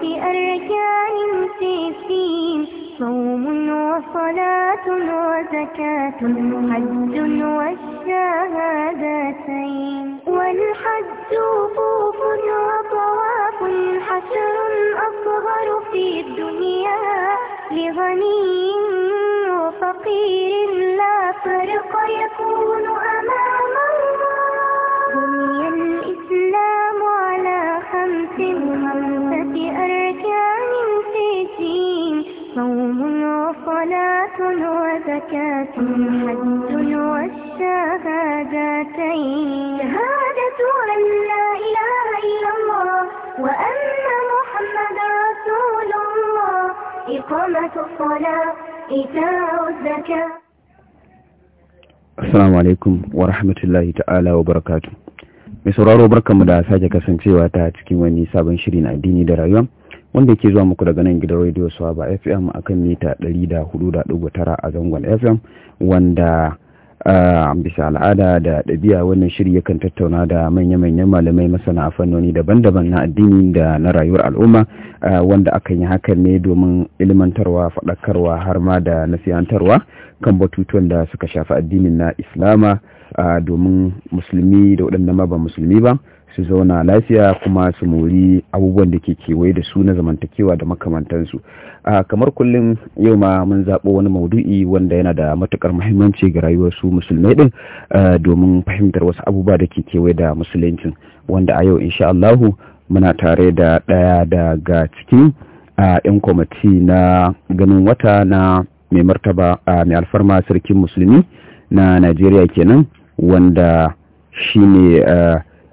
في أركان ستين صوم وصلاة وزكاة حج والشهادتين والحج طوف وطواف حشر أصغر في الدنيا لغني وفقير لا فرق يكون أمام وزكاة حج والشهادتين شهادة أن لا إله إلا الله وأن محمد رسول الله إقامة الصلاة إتاء الزكاة السلام عليكم ورحمة الله تعالى وبركاته. mai sauraro barkanmu da sake kasancewa ta cikin wani wanda yake zuwa muku daga nan gidan radio ba fm akan mita 104.9 a zangon fm wanda bisa al'ada da ɗabi'a wannan shiri yakan tattauna da manya-manyan malamai masana a fannoni daban-daban na addini da na rayuwar al'umma wanda akan yi hakan ne domin ilmantarwa faɗakarwa har ma da nasihantarwa kan batutuwan da suka shafi addinin na islama domin musulmi da waɗanda ma ba musulmi ba su zauna lafiya kuma su mori abubuwan da ke kewaye da su na zamantakewa da makamantansu a kamar kullum yau ma mun zaɓo wani maudu'i wanda yana da matukar muhimmanci ga rayuwar su musulmai din domin fahimtar wasu abubuwa da ke kewaye da musuluncin wanda a yau insha Allahu muna tare da ɗaya daga cikin yan kwamiti na ganin wata na mai martaba mai alfarma sarkin musulmi na Najeriya kenan wanda shine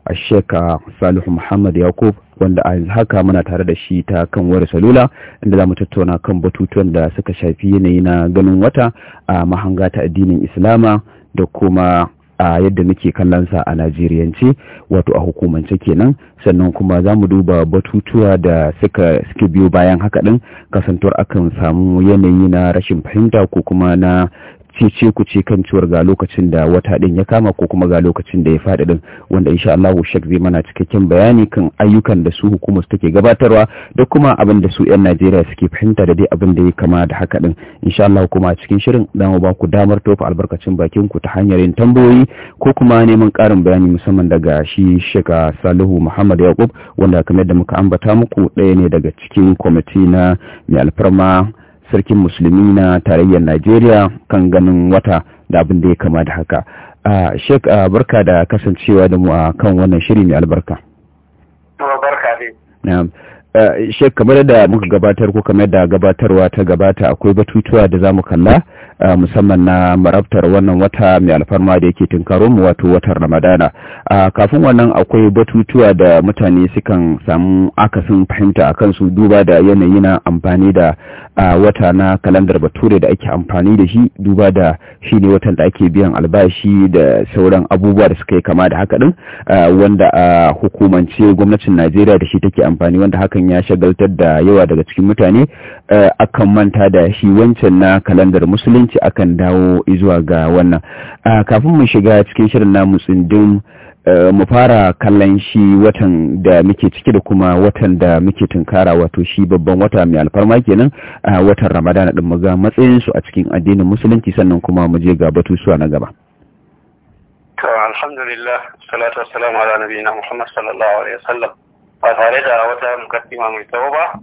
a sheka salihu muhammad yakub wanda a haka muna tare da shi ta kan wayar salula inda zamu tattauna kan batutuwan da suka shafi yanayi na ganin wata a mahanga ta addinin islama da kuma a yadda muke kallon sa a najeriyance wato a hukumance kenan sannan kuma za mu duba batutuwa da suka suke biyo bayan haka din kasantuwar akan samu yanayi na rashin fahimta ko kuma na cece ku ce kan ciwar ga lokacin da wata din ya kama ko kuma ga lokacin da ya faɗi din wanda insha Allah shek zai mana cikakken bayani kan ayyukan da su hukumar su take gabatarwa da kuma abin da su yan Najeriya suke fahimta da dai abin da ya kama da haka din insha Allah kuma a cikin shirin za mu ba ku damar tofa albarkacin bakin ku ta hanyar yin tambayoyi ko kuma neman ƙarin bayani musamman daga shi Sheka Salihu Muhammad Yakub wanda kamar yadda muka ambata muku ɗaya ne daga cikin kwamiti na mai alfarma sarkin musulmi na tarayyar najeriya kan ganin wata da abin da ya kama da haka shek barka da kasancewa da mu a kan wannan shiri mai albarka shek kamar da muka gabatar ko kamar da gabatarwa ta gabata akwai batutuwa da za mu kalla musamman na marabtar wannan wata mai alfarma da yake tunkaro mu wato watar ramadana kafin wannan akwai batutuwa da mutane sukan samu akasin fahimta a kansu duba da yanayi na amfani da a wata na kalandar bature da ake amfani da shi duba da shi ne watan da ake biyan albashi da sauran abubuwa da suka yi kama da haka din wanda a hukumance gwamnatin najeriya da shi take amfani wanda hakan ya shagaltar da yawa daga cikin mutane akan manta da shi wancan na kalandar musulunci akan dawo izuwa ga wannan kafin mu shiga cikin shirin namu tsindin Eh, mu fara kallon shi watan da muke ciki da kuma watan da muke tunkara wato shi babban wata mai alfarma kenan a watan ramadana din mu ga matsayin su a cikin addinin musulunci sannan kuma mu je ga su na gaba to alhamdulillah salatu wassalamu ala nabiyina muhammad sallallahu alaihi wasallam ba tare da wata mukaddima mai tsawo ba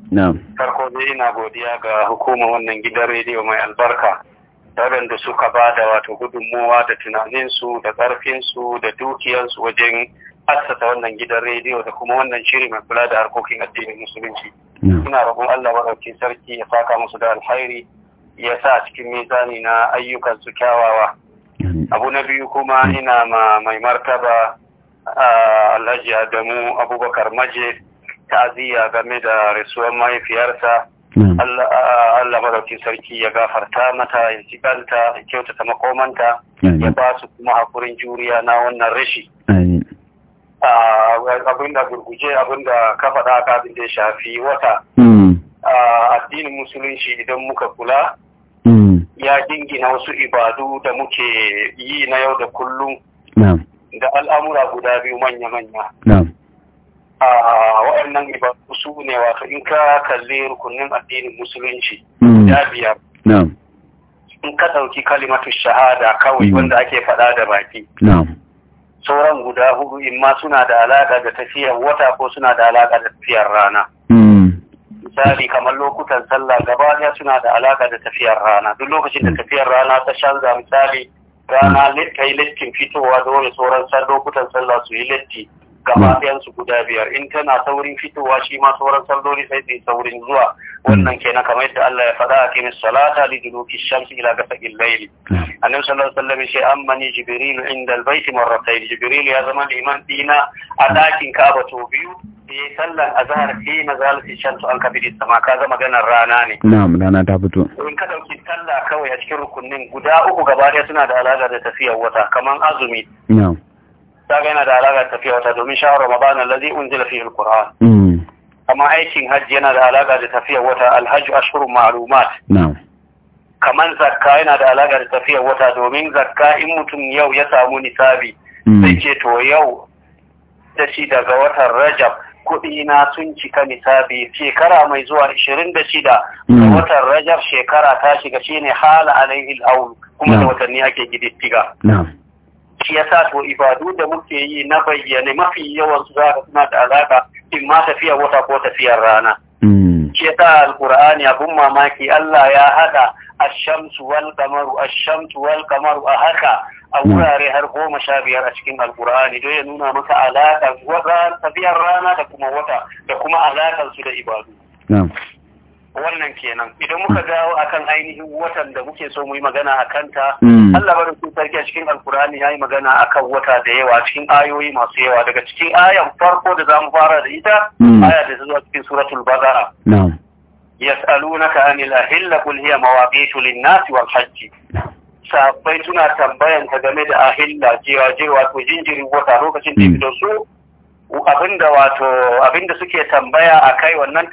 farko dai ina godiya ga hukumar wannan gidan rediyo mai albarka waɗanda suka ba da wato gudunmowa da tunaninsu da ƙarfinsu da dukiyarsu wajen assasa wannan gidan rediyo da kuma wannan shiri mai kula da harkokin addinin musulunci suna roƙon Allah maɗauki sarki ya saka musu da alkhairi ya sa cikin mizani na ayyukansu kyawawa abu na biyu kuma ina ma mai martaba alhaji adamu abubakar maje ta'aziyya game da rasuwar mahaifiyarsa Allah madaukin sarki ya gafarta mata ya jiganta ya kyautata makomanta ya ba su kuma hakurin juriya na wannan rashi abinda gurguje abinda ka faɗa ka abin ya shafi wata hmm. addinin musulunci idan muka kula hmm. ya gingina wasu ibadu da muke yi na yau da kullum da al'amura guda biyu manya-manya a waɗannan ibadu su ne wato in ka kalli rukunin addinin musulunci ya hmm. biyar in ka ɗauki kalimatu shahada kawai hmm. wanda ake faɗa da baki sauran guda hudu in ma suna da alaƙa da tafiyar wata ko suna da alaƙa da tafiyar rana hmm. misali kamar lokutan sallah gaba ɗaya suna da alaƙa da tafiyar rana duk lokacin da tafiyar rana ta canza misali rana ta yi fitowa dole sauran lokutan sallah su yi litti gaba hmm. ɗayan su guda biyar in tana saurin fitowa shi ma sauran salloli sai su saurin zuwa hmm. wannan kenan kamar yadda Allah ya faɗa a min salata li duluki shamsi ila sakin layli hmm. annabi sallallahu alaihi wasallam shi ammani jibril inda albayt marratayn jibril ya zama liman dina a ɗakin kaba to biyu yi sallan azhar fi shan shamsu an kabiri sama ka zama ganar rana ne na'am rana ta fito in ka dauki sallah kawai a cikin rukunin guda uku gaba ɗaya suna da alaƙa da tafiyar wata kamar azumi kaga yana da alaƙa tafiya wata domin shahar ramadan allazi unzila fihi alquran mm. amma aikin hajji yana da alaƙa da tafiya wata alhajju ashhurun ma'lumat kamar zakka yana da alaƙa da tafiya wata domin zakka in mutum yau ya samu nisabi sai mm. ce to yau da shi daga watan rajab kuɗi na sun cika nisabi shekara mai zuwa 26 ga mm. watan rajab shekara ta shiga shine hala alaihi al'aul kuma da watanni ake gididdiga. shi yasa to ibadu da muke yi na bayyane mafi yawan su zaka suna da alaka in ma tafiyar wata ko tafiyar rana hmm. shi yasa alqur'ani abun mamaki Allah ya hada ash-shamsu wal qamaru ash-shamsu wal qamaru a haka a hmm. wurare har goma sha biyar a cikin alkur'ani don ya nuna maka wata tafiyar rana da kuma wata da kuma alakan su da ibadu wannan kenan idan muka dawo akan ainihin watan da muke so mu yi magana a kanta hmm. Allah bari su sarki a cikin alkurani ya yi magana akan wata da yawa cikin ayoyi masu yawa daga cikin ayan farko da zamu fara da ita hmm. aya da zuwa cikin suratul bazara yas'alunaka anil ahilla qul hiya mawaqitu lin-nasi wal hajj sabai suna tambayan ka game da ahilla cewa wato jinjirin wata lokacin da hmm. fito su abinda wato abinda suke tambaya akai wannan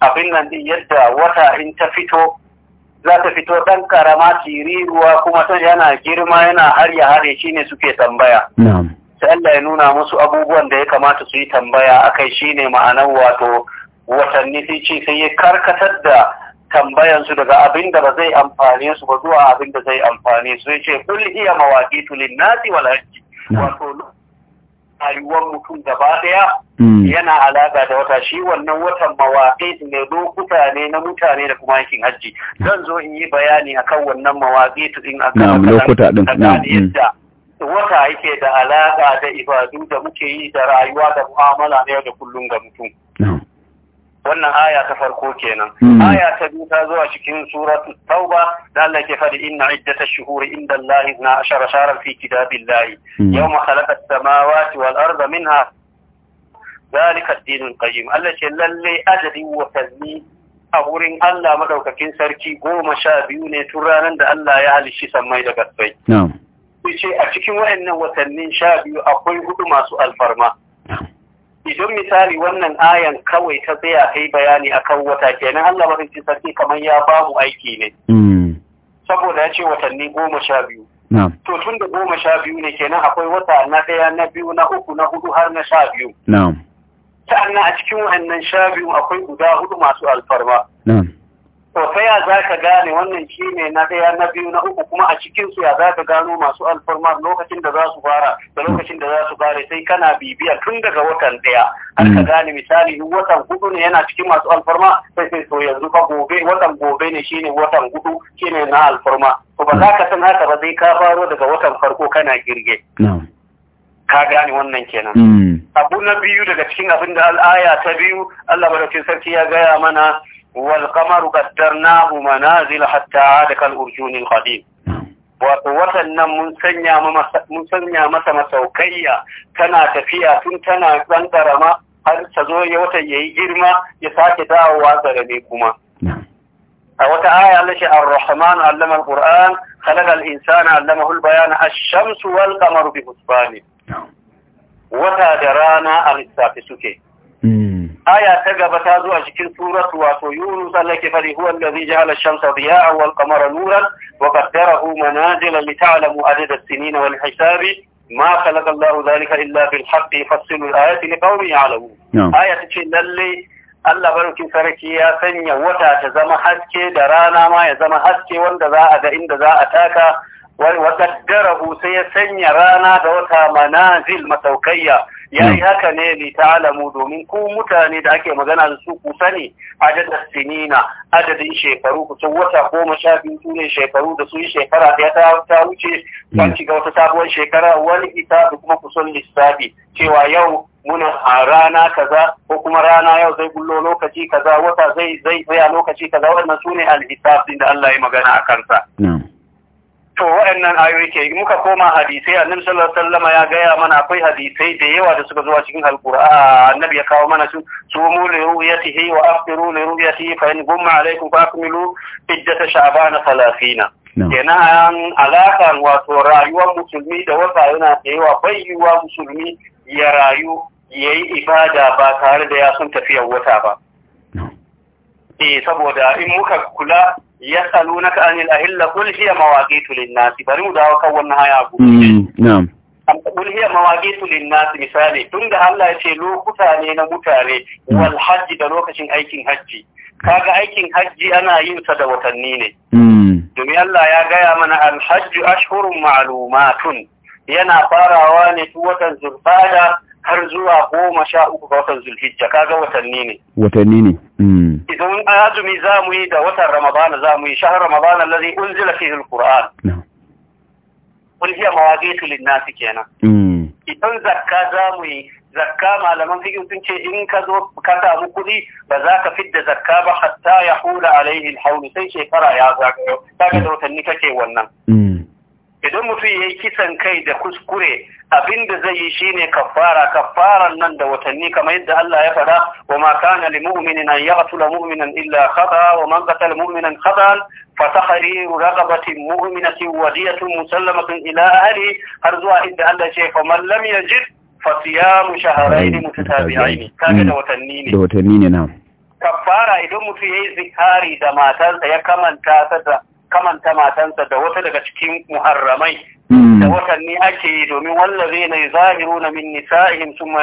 abin nan din yadda wata in ta fito za ta fito ɗan karama siriruwa kuma sai yana girma yana harya hare shi ne suke tambaya. Sai Allah ya nuna musu abubuwan da ya kamata su yi tambaya a kai shi ne ma'anar wato watanni sai ce sai ya karkatar da tambayansu daga abin da ba zai amfane su ba zuwa abin da zai amfane su ya ce kulli iya mawaƙi tulin nasi wal hajji. Wato rayuwar mutum gaba daya hmm. yana alaƙa da wata shi wannan watan mawaƙi ne lokuta ne na mutane da kuma yankin hajji hmm. zan zo in yi bayani a kan wannan mawaƙi in akan lokuta din hmm. yadda wata yake da alaƙa da ibadu da muke yi da rayuwa da mu'amala na yau da kullum ga mutum wannan aya ta farko kenan hmm. aya ta biyu ta zuwa cikin suratul tauba da Allah ke faɗi inna iddata shuhuri inda Allah na ashara shara fi kitabillahi hmm. yawma khalaqa as-samawati wal arda minha zalika ad-din qayyim Allah ce lalle adadi wa tazmi a wurin Allah madaukakin sarki goma sha biyu ne tun ranar da Allah ya halishi sammai da gaskai ce a cikin waɗannan watannin sha biyu akwai hudu masu alfarma idan misali wannan ayan kawai ta tsaya kai bayani akan wata kenan Allah marinci sarki kamar ya ba mu aiki ne hmm. saboda ya ce watanni goma sha biyu to tun da goma sha biyu ne kenan akwai wata na ɗaya na biyu na uku na hudu har na sha biyu sa'annan a cikin wannan sha biyu akwai guda hudu masu alfarma to ya za ka gane wannan shi ne na ɗaya na biyu na uku kuma a cikinsu ya za ka gano masu alfarma lokacin da za su fara da lokacin da za su fara sai kana bibiya tun daga watan ɗaya har ka hmm. gane misali in watan hudu ne yana cikin masu alfarma sai sai to yanzu fa gobe watan gobe ne shi ne watan hudu ne na alfarma to ba za ka san haka ba sai ka faro daga watan farko kana girge ka gane wannan kenan. Hmm. Abu na biyu daga cikin abin da al'aya ta biyu Allah madaukin sarki ya gaya mana والقمر قدرناه منازل حتى عاد كالأرجون القديم wato watan nan mun sanya masa masaukayya tana tafiya tun tana ɗan ƙarama har ta zo ya wata ya yi girma ya sake dawowa zarame kuma a wata aya Allah shi ar-rahman allama al-qur'an khalaqa al-insana allamahu al-bayan ash-shamsu wal wata da rana a lissafi suke aya ta gaba ta zo a cikin suratu wato yunus Allah ke fari huwa allazi jahala ash-shamsa diya'an wal qamara nuran wa qaddarahu manazila li ta'lamu adada as-sinin wal hisabi ma khalaqa Allahu dhalika illa bil haqqi yufassilu al-ayati liqaumin ya'lamun aya ta ce lalle Allah barkin sarki ya sanya wata ta zama haske da rana ma ya zama haske wanda za a ga inda za a taka wa qaddarahu sai ya sanya rana da wata manazil masaukayya ya yi hmm. haka ne li ta'alamu domin ku mutane da ake magana da su ku sani adada sinina adadin shekaru ku san wata goma sha biyu ne shekaru da su yi shekara da ta ta wuce ban hmm. shiga wata sabuwar shekara wani ita da kuma ku san lissafi cewa yau muna a rana kaza ko kuma rana yau zai bullo lokaci kaza wata zai zai tsaya lokaci kaza wannan su ne alhisab da Allah ya magana a kansa. to wa'annan ayoyi ke muka koma hadisai annabi sallallahu alaihi wasallam ya gaya mana akwai hadisai da yawa da suka zuwa cikin alqur'ani annabi ya kawo mana su sumu li ru'yatihi wa afiru li ru'yatihi fa in gumma alaikum fa akmilu iddat sha'ban 30 kenan alakan wato rayuwar musulmi da wata yana da yawa bai yiwa musulmi ya rayu yayi ibada ba tare da ya sun tafiyar wata ba eh saboda in muka kula ka anil ahilla qul hiya mawaqitu lin-nas bari mu dawo kan wannan haya ku mm, na'am qul hiya mawaqitu lin-nas misali da Allah ya ce lokuta ne na mutane mm. wal hajji da lokacin aikin hajji kaga aikin hajji ana yin sa da watanni ne mm. domin Allah ya gaya mana al-hajju ashhurun ma'lumatun yana farawa ne tu watan zulfada har zuwa goma sha uku ga watan zulhijja kaga watanni ne watanni ne idan azumi za mu yi da watan ramadana za mu yi shahar ramadana lazi unzila fihi alquran kun hiya mawaqitu linnas kenan mm. idan zakka za mu yi zakka malaman fiqh sun ce in ka zo ka samu kuɗi ba za ka fidda zakka ba hatta ya hula alaihi alhawl sai shekara ya yau, kaga da watanni kake wannan mm. idan mutum ya yi kisan kai da kuskure abin da zai yi shi ne kafara kafaran nan da watanni kamar yadda Allah ya faɗa wa ma kana li mu'minin an yaqtula mu'minan illa khata wa man qatala mu'minan khata fa tahriru raqabatin mu'minati wa diyatun musallamatin ila ahli har zuwa inda Allah ce fa man lam yajid fa siyamu shahrayn mutatabi'ain mm. kaga da watanni ne da watanni ne na kafara idan mutum ya yi zikari da matarsa ya kamanta ta kamanta matansa da wata daga cikin muharramai hmm. da watanni ake yi domin wallazi zahiru na min nisa'ihim thumma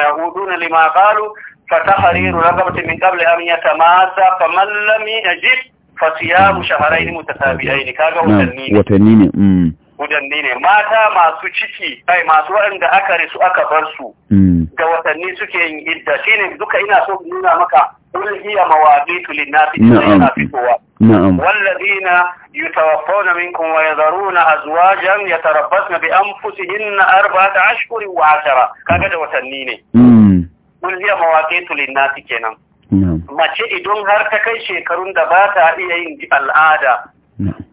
na lima kalu fa tahriru raqabatin min qabli an yatamassa ta lam fa fa siyamu shahrayn mutatabi'ain kaga watanni ne watanni ne hmm. watanni ne mata masu ciki ai masu wanda aka risu aka bar su hmm. da watanni suke yin idda shine duka ina so nuna maka ulhiya mawaqitu lin-nasi fitowa نعم والذين يتوفون منكم ويذرون أزواجا يتربصن بأنفسهن أربعة أشهر وعشرة كذا وتنيني قل هي مواقيت للناس كنا ما شيء دون ta kai shekarun da ba ta iya yin al'ada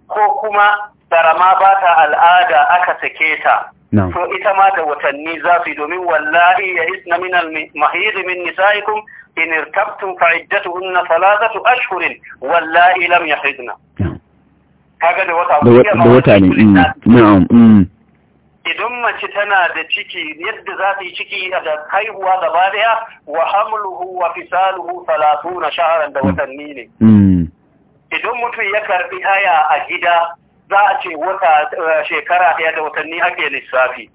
ko kuma darama ba ta to ita ma da watanni za su yi domin wallahi ya isna min al yi min nisa'ikum in irtabtum fa iddatuhunna thalathatu ashhurin wallahi lam yahidna kaga da wata da wata ne mm, na'am mm. idan mace tana da ciki yadda za ta yi ciki da haihuwa gaba daya wa hamluhu wa fisaluhu 30 shahran da mm. watanni ne idan mutum ya karbi haya a gida za a ce wata eh, shekara ɗaya da watanni ake lissafi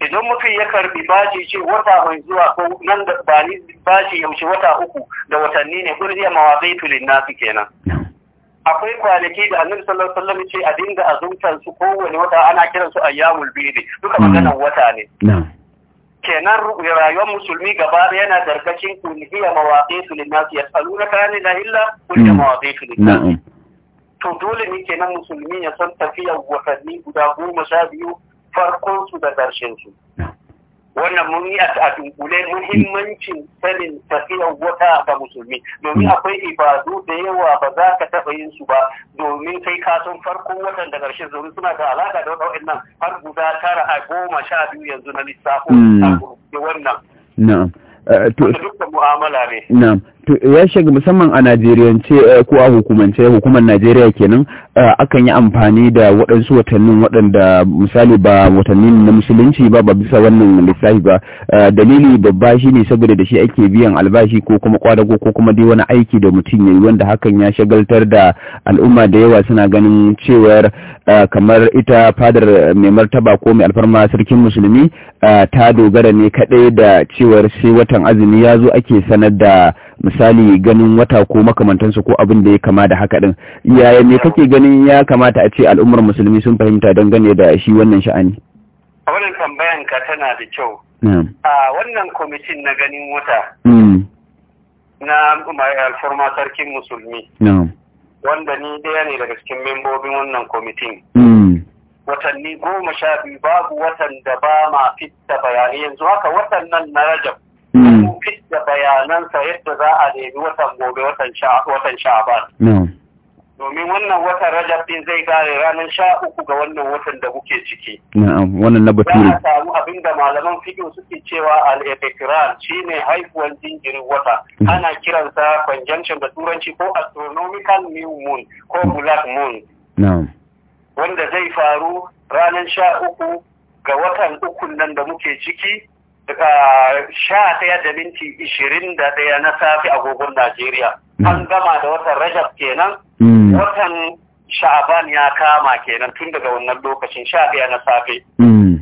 idan mutum ya karbi baji ce wata mai zuwa ko nan da ba ni baji ya wuce wata uku da watanni ne kun iya zai tulin nasu kenan akwai kwanaki da annabi sallallahu alaihi ce a dinga azumtan su kowane wata ana kiran su ayyamul bidi duka mm. maganar wata ne kenan rayuwar musulmi gaba da yana darkacin kulhiya mawaqi tulin nasu yasaluna kana la illa kullu mawaqi tulin nasu to dole ne kenan musulmi ya san tafiyar watanni guda goma sha biyu farkon su da ƙarshen su wannan mun yi a dunkule muhimmancin sanin tafiyar wata ga musulmi domin akwai ibadu da yawa ba za ka taɓa yin su ba domin kai ka san farkon watan da ƙarshen domin suna da alaƙa da nan har guda tara a goma sha biyu yanzu na lissafo a hmm. wannan. Na'am. Eh, dukkan mu'amala ne. Na'am. ya shiga musamman a Najeriyance eh, ko a hukumance hukumar Najeriya kenan eh, akan yi amfani da waɗansu watannin waɗanda misali ba watanni na musulunci ba ba bisa wannan lissafi ba eh, dalili babba shi ne saboda da shi ake biyan albashi ko kuma kwadago ko kuma dai wani aiki da mutum ya yi wanda hakan ya shagaltar da al'umma da yawa suna ganin cewar kamar ita fadar mai martaba ko mai alfarma sarkin musulmi ta dogara ne kaɗai da cewar sai watan azumi ya zo ake sanar da misali ganin wata ko makamantansu ko abin da ya kama da haka din yaya me kake ganin ya kamata a ce al'ummar musulmi sun fahimta don gane da shi wannan sha'ani wannan tambayan ka tana da kyau a wannan kwamitin na ganin wata mm. na alfarma sarkin musulmi wanda ni ɗaya ne daga cikin membobin wannan kwamitin mm. watanni goma sha biyu babu watan da ba ma fitta bayanai yanzu haka watan nan na rajab Hmm. da bayanansa yadda za a nemi watan gobe watan sha'aban. Domin wannan watan Rajab din zai gare ranar sha uku ga wannan watan da kuke ciki. Na'am, wannan na Za a samu abin da malaman fiƙo suke cewa al-ibtikran shine haihuwan jinjirin wata. Hmm. Ana kiransa conjunction da turanci ko astronomical new moon ko hmm. black moon. Na'am. Wanda zai faru ranar sha uku ga watan ukun nan da muke ciki sha ɗaya da minti ishirin da ɗaya na safe agogon Najeriya. Hmm. An gama da watan Rajab kenan, hmm. watan Sha'aban ya kama kenan tun daga wannan lokacin sha ɗaya na safe. Hmm.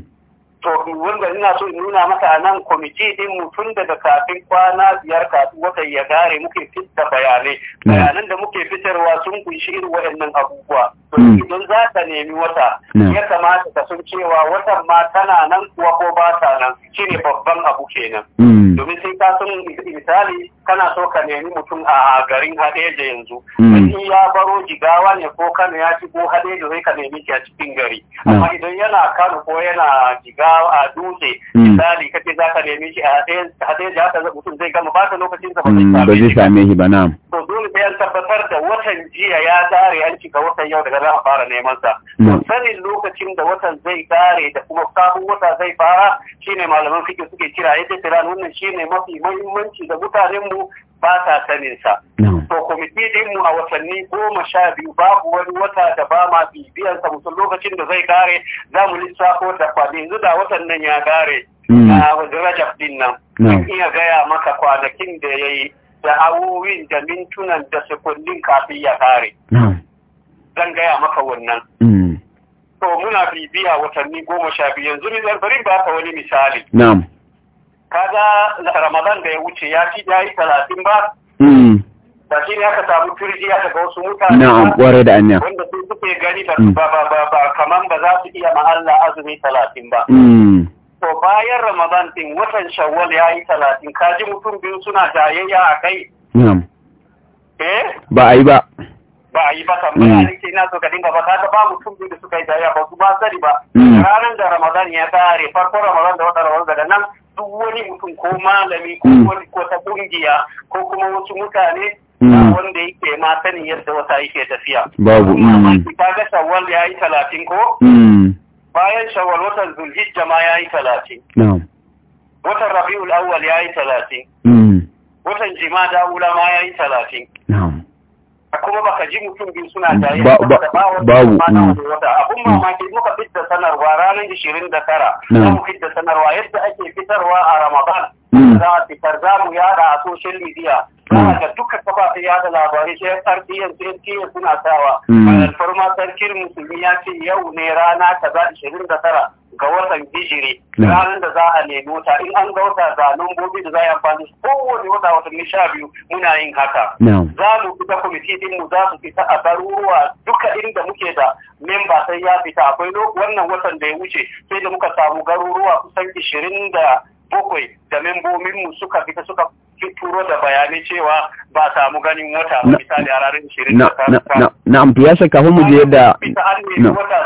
to wanda ina so in nuna maka a nan kwamiti din mutum daga kafin kwana biyar kafin wata ya gare muke fitar bayanai mm. bayanan da muke fitarwa sun kunshi irin waɗannan abubuwa mm. idan za ka nemi wata mm. ya kamata ka sun cewa watan ma tana nan kuwa ko ba ta nan shine babban abu kenan domin sai ka sun misali kana so ka nemi mutum a garin hadeja yanzu in ya baro jigawa ne ko kano ya shigo hadeja zai ka nemi ki a cikin gari amma idan yana kano ko yana jigawa a dutse hmm. misali kace za ka neme shi a hadai da haka mutum zai gama ba ta lokacin sa ba zai hmm, same shi ba na'am to dole sai an tabbatar da watan jiya ya tsare an cika watan yau daga za a fara neman sa hmm. sanin lokacin da watan zai tsare da kuma kafin wata zai fara shine malaman fiqh suke kira yadda tiran wannan shine mafi muhimmanci da mutanen mu ba ta sanin sa to kwamiti din mu a watanni goma sha biyu babu wani wata da ba ma bibiyan sa lokacin da zai kare za mu lissafo da kwani yanzu da watan nan ya kare mm. a rajab din nan iya gaya maka kwanakin da ya yi da awowin da mintunan da sekundin kafin ya kare zan gaya maka wannan mm. to muna bibiya watanni goma sha biyu yanzu bari ba ka wani misali kaga ramadan da ya wuce ya fi yi talatin ba ba hmm. shi ne aka samu aka daga wasu mutane ba. kware da anya wanda su suke gani hmm. ba ba ba ba kaman ba za su iya ma'alla azumi talatin ba hmm. to bayan ramadan din watan shawwal ya yi talatin kaji mutum biyu suna jayayya a kai na'am eh ba a yi ba ba a yi ba tambaya ne ke ina so ka dinga ba ta ba mutum biyu da suka yi jayayya ba su ba sani ba ranar da ramadan ya kare farko ramadan da wata ramadan daga nan duk wani mutum ko malami ko hmm. wani ko ta kungiya ko kuma wasu mutane hmm. wanda yake ma sanin yadda wata yake tafiya babu hmm. ka ga shawwal ya yi talatin ko bayan shawwal watan zulhijja ma ya yi talatin watan rabi'ul awwal ya yi talatin watan jimada ula ma ya yi talatin kuma baka ji mutum biyu suna da ba babu mm. abun mamaki muka fitta sanarwa ranar ishirin da tara mm. mu fitta sanarwa yadda ake fitarwa a ramadan mm. za a fitar za mu yada a social media ga duka kafafen yada labarai sai sardiyan sai suna sawa farma sarkin musulmi ya ce yau ne rana kaza ishirin da tara ga watan bijiri ranar da za a nemi wuta in an ga wata za gobe da za a yi amfani kowane wata watanni sha biyu muna yin haka za mu fita kwamiti din mu za su fita a garuruwa duka inda muke da memba sai ya fita akwai wannan watan da ya wuce sai da muka samu garuruwa kusan ishirin da bakwai da mu suka fita suka turo da bayanai cewa ba samu ganin wata misali a ranar ishirin da ta na'am to ya mu je da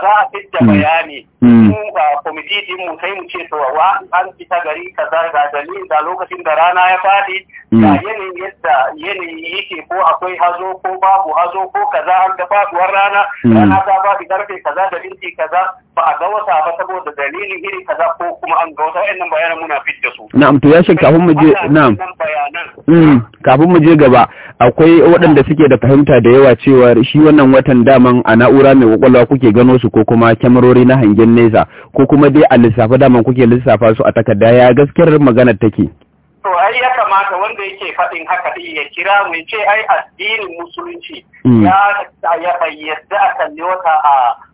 za a fitta hmm. bayani Hmm. ba kwamiti din mu sai mu ce to wa an fita gari kaza ga dalilin da lokacin da rana ya faɗi. Hmm. ga yanayin yadda yanayi yake ko akwai hazo ko babu hazo ko kaza an da faduwar rana hmm. rana ta fadi karfe kaza da minti kaza ba a ga wata ba saboda dalilin iri kaza ko kuma an ga wata wayannan bayanan muna fit da su na'am to ya shi kafin mu je na'am kafin mu je gaba akwai waɗanda suke da fahimta da yawa cewa shi wannan watan daman a na'ura mai kwakwalwa kuke gano su ko kuma kyamarori na hangen nesa ko kuma dai a lissafa daman kuke lissafa su a takarda ya gaskiyar magana take to ai ya kamata wanda yake faɗin haka ɗin ya kira mai ce ai addinin musulunci mm. ya ya yadda a kalli wata a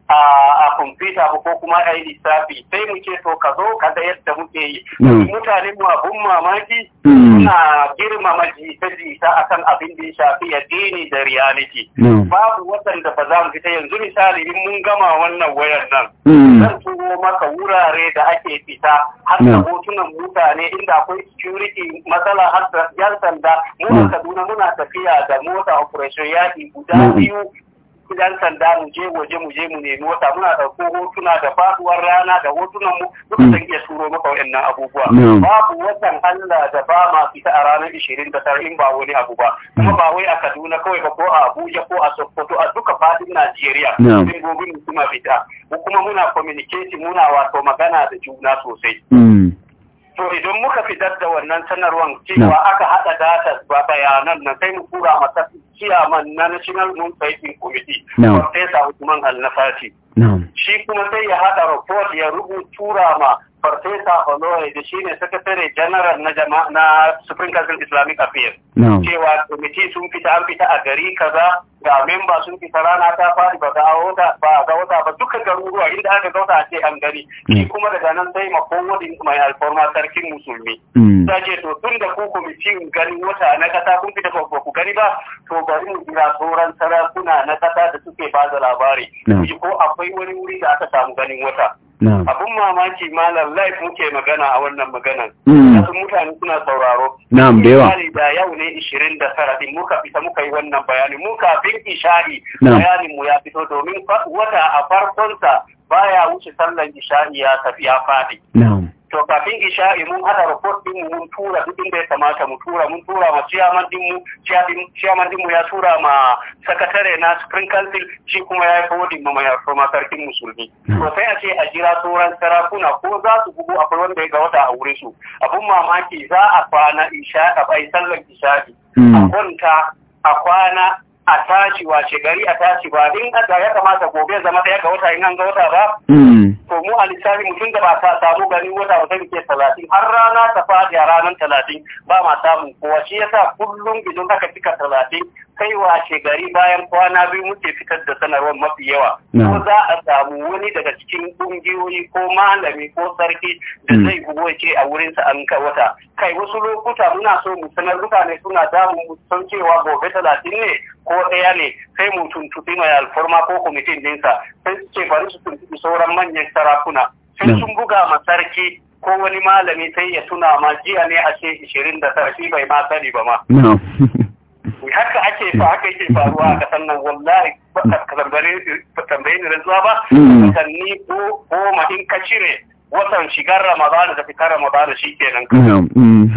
a kwamfuta ba ko kuma a yi lissafi sai mu ce to ka zo ka ga yadda muke yi mm. mutane mu abun mamaki mm. suna girmama jita-jita akan abin da ya shafi addini da reality mm. babu waɗanda ba za mu fita yanzu misali in mun gama wannan wayar nan zan turo maka wurare da ake fita har da hotunan mutane inda akwai security matsala har da yan sanda muna kaduna muna tafiya da mota operation yaƙi guda biyu gidan sanda mu je waje mu je mu nemi wata muna da hotuna da faduwar rana da hotunan mu duka hmm. zan iya turo maka waɗannan abubuwa hmm. babu watan Allah da ba ma fita a ranar ishirin 29 in ba wani abu ba hmm. kuma ba wai a Kaduna kawai ba ko a Abuja ko a Sokoto a duka fadin Najeriya sun gobe mu kuma fita kuma muna communicating muna wato magana da juna sosai to idan muka fitar da wannan sanarwar cewa aka haɗa data ba bayanan nan sai mu kura masa ciyaman na national moon fighting committee professor usman al-nafati shi kuma sai ya haɗa report ya tura ma farfesa Oloye da shine sakatare general na jama'a na Supreme Council Islamic Affairs cewa committee sun fita an fita a gari kaza ga memba sun fita rana ta fari ba ga wata ba ga wata ba dukkan garuruwa inda aka gauta a ce an gani mm. shi kuma daga nan sai ma mai alfarma sarkin musulmi mm. ta ce to tun da ku committee gani wata na kasa kun fita ba ku gani ba to bari mu jira sauran sarakuna na kasa da suke ba da labari ko akwai wani wuri da aka samu ganin wata Abin mamaki malam live muke magana a wannan maganan hmm. sun mutane suna sauraro na'am da yawa da yau ne 29 din muka fita muka yi wannan bayani mu kafin isha'i bayanin mu ya fito domin wata a farkonsa baya wuce sallan isha'i ya tafi ya fadi to kafin isha'i mun hada report din mun tura duk inda ya kamata mu tura mun tura ma chairman din mu chairman din mu ya tura ma sakatare na spring council shi kuma ya forwarding ma ya kuma sarkin musulmi hmm. to sai a ce a jira sauran sarakuna ko za su gudu akwai wanda ya ga wata a wurin su abun mamaki za a kwana isha'i a bai sallar isha'i hmm. a kwanta a kwana a tashi wace gari a tashi ba in da ya kamata gobe zama ɗaya ga wata in an ga wata ba hmm. to mu a lissafi mutum da ba ta samu gari wata ba ke talatin har rana ta fadi a ranar talatin ba ma samu. kowa shi yasa kullum idan aka cika talatin kai wace gari bayan kwana biyu muke fitar da sanarwar mafi yawa hmm. ko za a samu wani daga cikin ƙungiyoyi ko malami ko sarki da hmm. zai bugo ce a wurinsa an ka wata kai wasu lokuta muna so mu sanar mutane suna damu mu san cewa gobe talatin ne ko ko ɗaya ne sai mu tuntuɓi mai alfarma ko kwamitin dinsa sai suke bari su tuntuɓi sauran manyan sarakuna sai hmm. sun buga ma sarki ko wani malami sai ya tuna ma jiya ne a ce ishirin da sarki bai ma sani ba ma. haka ake fa haka yake faruwa a kasan nan wallahi ka tambaye ni rantsuwa ba ko ko ma in ka cire watan shigar ramadan da fitar ramadan shi kenan. Ba hmm.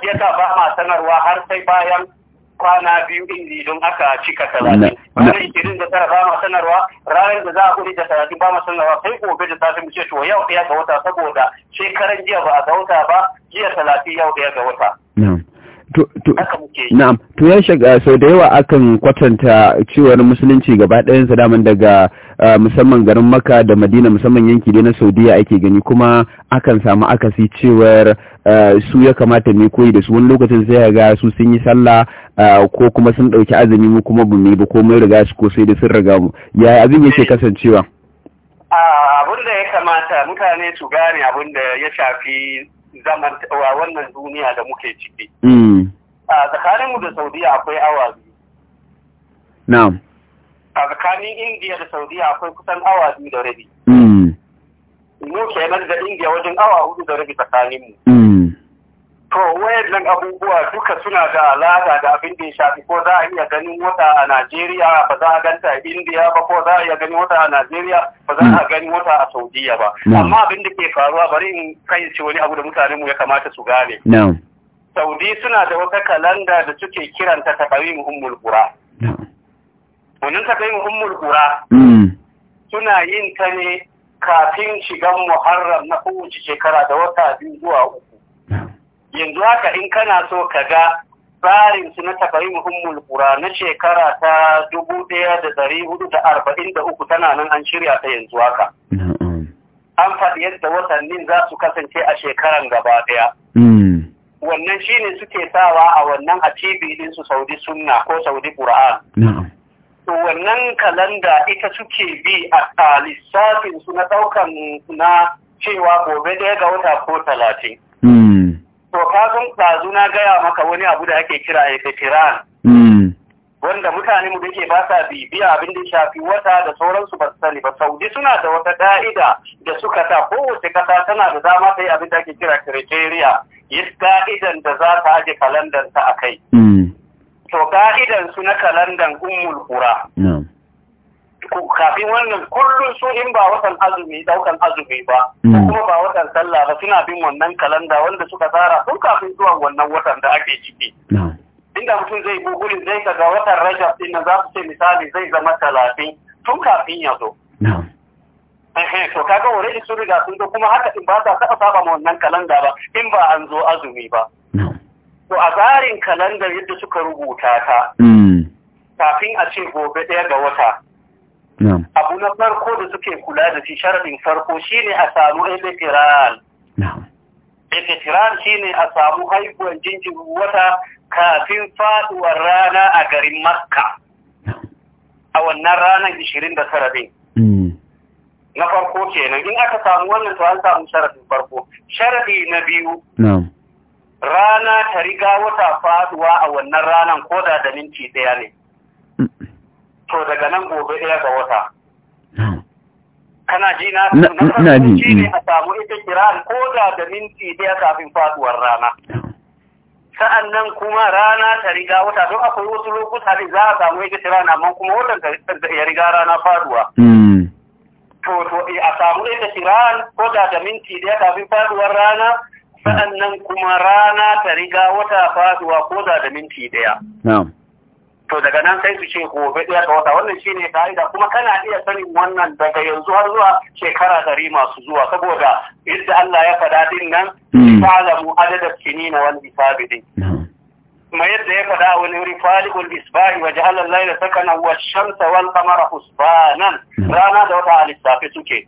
shi yasa ba ma sanarwa har sai bayan kwana biyu din don aka cika talatin ranar ishirin da tara ba sanarwa ranar da za a kuɗi da talatin ba ma sanarwa sai gobe da safe mu ce to yau ɗaya ga wata saboda shekaran jiya ba a ga wata ba jiya talatin yau ɗaya ga wata. Na'am, to ya shiga sau da yawa akan kwatanta ciwon musulunci gaba ɗayan daman daga musamman garin maka da madina musamman yanki dai na saudiya ake gani kuma akan samu akasi cewar su ya kamata ne koyi da su wani lokacin sai ga su sun yi sallah ko kuma sun ɗauki azumi mu kuma bu ba ko mun riga su ko sai da sun riga mu yaya abin yake kasancewa abin da ya kamata mutane su gane abin da ya shafi zaman wannan duniya da muke ciki mm. tsakaninmu da saudiya akwai awa biyu na'am a tsakanin indiya da saudiya akwai kusan awa biyu da rabi mm. mu kenan da indiya wajen awa hudu da rabi tsakanin mu mm. to wayannan abubuwa duka suna da alaƙa da abin da ya shafi ko za a iya ganin wata a najeriya ba za a ganta a indiya ba ko za a iya ganin wata a najeriya ba za a gani wata a saudiya ba amma abin da ke faruwa bari in kai ce wani abu da mu ya kamata su gane saudi suna da wata kalanda da suke kiranta ta ƙarin ummul qura wannan ka kai muhimmul kura hmm. suna yin ta ne kafin shigan muharram na kowace shekara da wata biyu zuwa uku yanzu haka in kana so ka ga tsarin su na tafayi muhimmul kura na shekara ta dubu ɗaya da dari hudu da arba'in da uku tana nan an shirya ta yanzu haka an faɗi yadda watannin za su kasance a shekaran gaba ɗaya hmm. wannan shine suke sawa a wannan a cibi ɗinsu saudi sunna ko saudi qur'an to wannan kalanda ita suke bi a lissafin su na ɗaukan na cewa gobe ɗaya ga wata ko talatin. Hmm. To kazun ɗazu na gaya maka wani abu da ake kira eketiran. Hmm. Wanda mutane mu da ke ba sa bibiya abin da shafi wata da sauransu ba su sani ba. Saudi suna da wata ƙa'ida da suka ta, kowace ƙasa tana da dama ta yi abin da ake kira criteria. Yi ƙa'idan da za ta aje kalandarsa a kai. Hmm. to ka'idan su na kalandan ummul qura kafin wannan kullum su in ba watan azumi daukan azumi ba mm. kuma ba watan sallah ba suna bin wannan kalanda wanda suka tsara tun kafin zuwan wannan watan da ake ciki inda mutum zai gugulin zai ga watan rajab din nan za su ce misali zai zama talatin tun kafin ya zo to kaga already su riga sun zo kuma haka in ba ta taɓa saba ma wannan kalanda ba in ba an zo azumi ba to a tsarin kalandar yadda suka rubuta ta hmm. kafin a ce gobe ɗaya ga wata abu na farko da suke kula da shi sharaɗin farko shine a samu elektiral elektiral shine a samu haihuwar jinjirin wata kafin faɗuwar rana a garin makka a wannan ranar ishirin da sarabe hmm. na farko kenan in aka samu wannan to an samu sharaɗin farko sharaɗi na biyu rana ta riga wata faduwa a wannan ranan ko da da minti daya ne to daga nan gobe daya ga wata kana ji na na ji ne mm. a samu ita kiran ko da da minti daya kafin faduwar rana sa'an nan kuma rana ta riga wata don akwai wasu lokuta ne za a samu ita kiran amma kuma watan ya riga rana faduwa mm. to to a samu ita kiran ko da da minti daya kafin faduwar rana sa'annan kuma rana ta riga wata faduwa ko da da minti daya to daga nan sai su ce gobe ɗaya ga wata wannan shine ka'ida kuma kana iya sanin wannan daga yanzu har zuwa shekara ɗari masu zuwa saboda yadda Allah ya faɗa din nan ta'lamu hmm. kini na wani hisabi din ma yadda ya faɗa wani wuri falikul isbahi wa ja'ala al-layla sakana wa shamsa wal qamara husbanan hmm. rana da wata a lissafi suke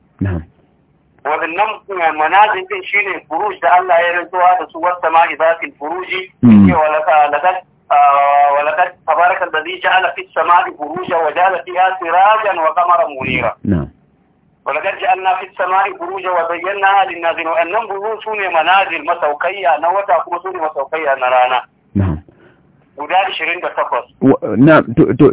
waɗannan eh, manazin din shine furuj da Allah ya rantsuwa da su wasta ma izatil furuji cewa hmm. laqad ولقد تبارك الذي جعل في السماء بروجا وجعل فيها سراجا وقمرا wa ولقد جعلنا في السماء بروجا su ne وانهم بروج na wata, kuma su ne سوني na rana. guda ishirin da takwas. Na,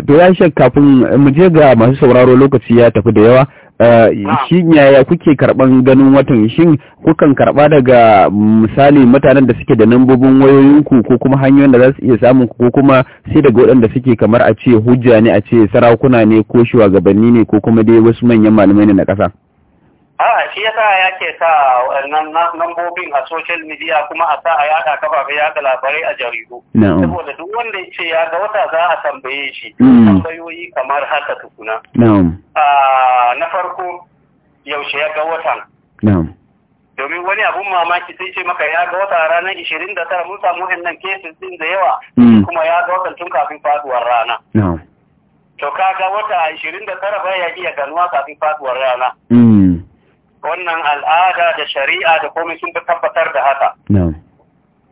to ya shek kafin mu je ga masu sauraro lokaci ya tafi da yawa, Eh, shin yaya kuke karban ganin watan shin kukan karba daga misali mutanen da suke da nambobin wayoyinku ko kuma hanyoyin da za su iya samun ku ko kuma sai daga waɗanda suke kamar a ce hujja ne a ce sarakuna ne ko shugabanni ne ko kuma dai wasu manyan malamai ne na ƙasa. a shi yasa ke sa wannan nambobin a social media kuma a sa a yada kafafen yada labarai a jaridu saboda duk wanda ya ce ya ga wata za a tambaye shi mm. tambayoyi kamar haka tukuna na farko yaushe ya ga watan domin wani abun mamaki sai ce maka ya ga wata ranar ishirin da tara mun samu wannan kesin din da yawa mm. kuma ya ga watan tun kafin faduwar rana to kaga wata ishirin da tara ya iya ganuwa kafin faduwar rana mm. wannan al'ada da shari'a da komai sun tabbatar da haka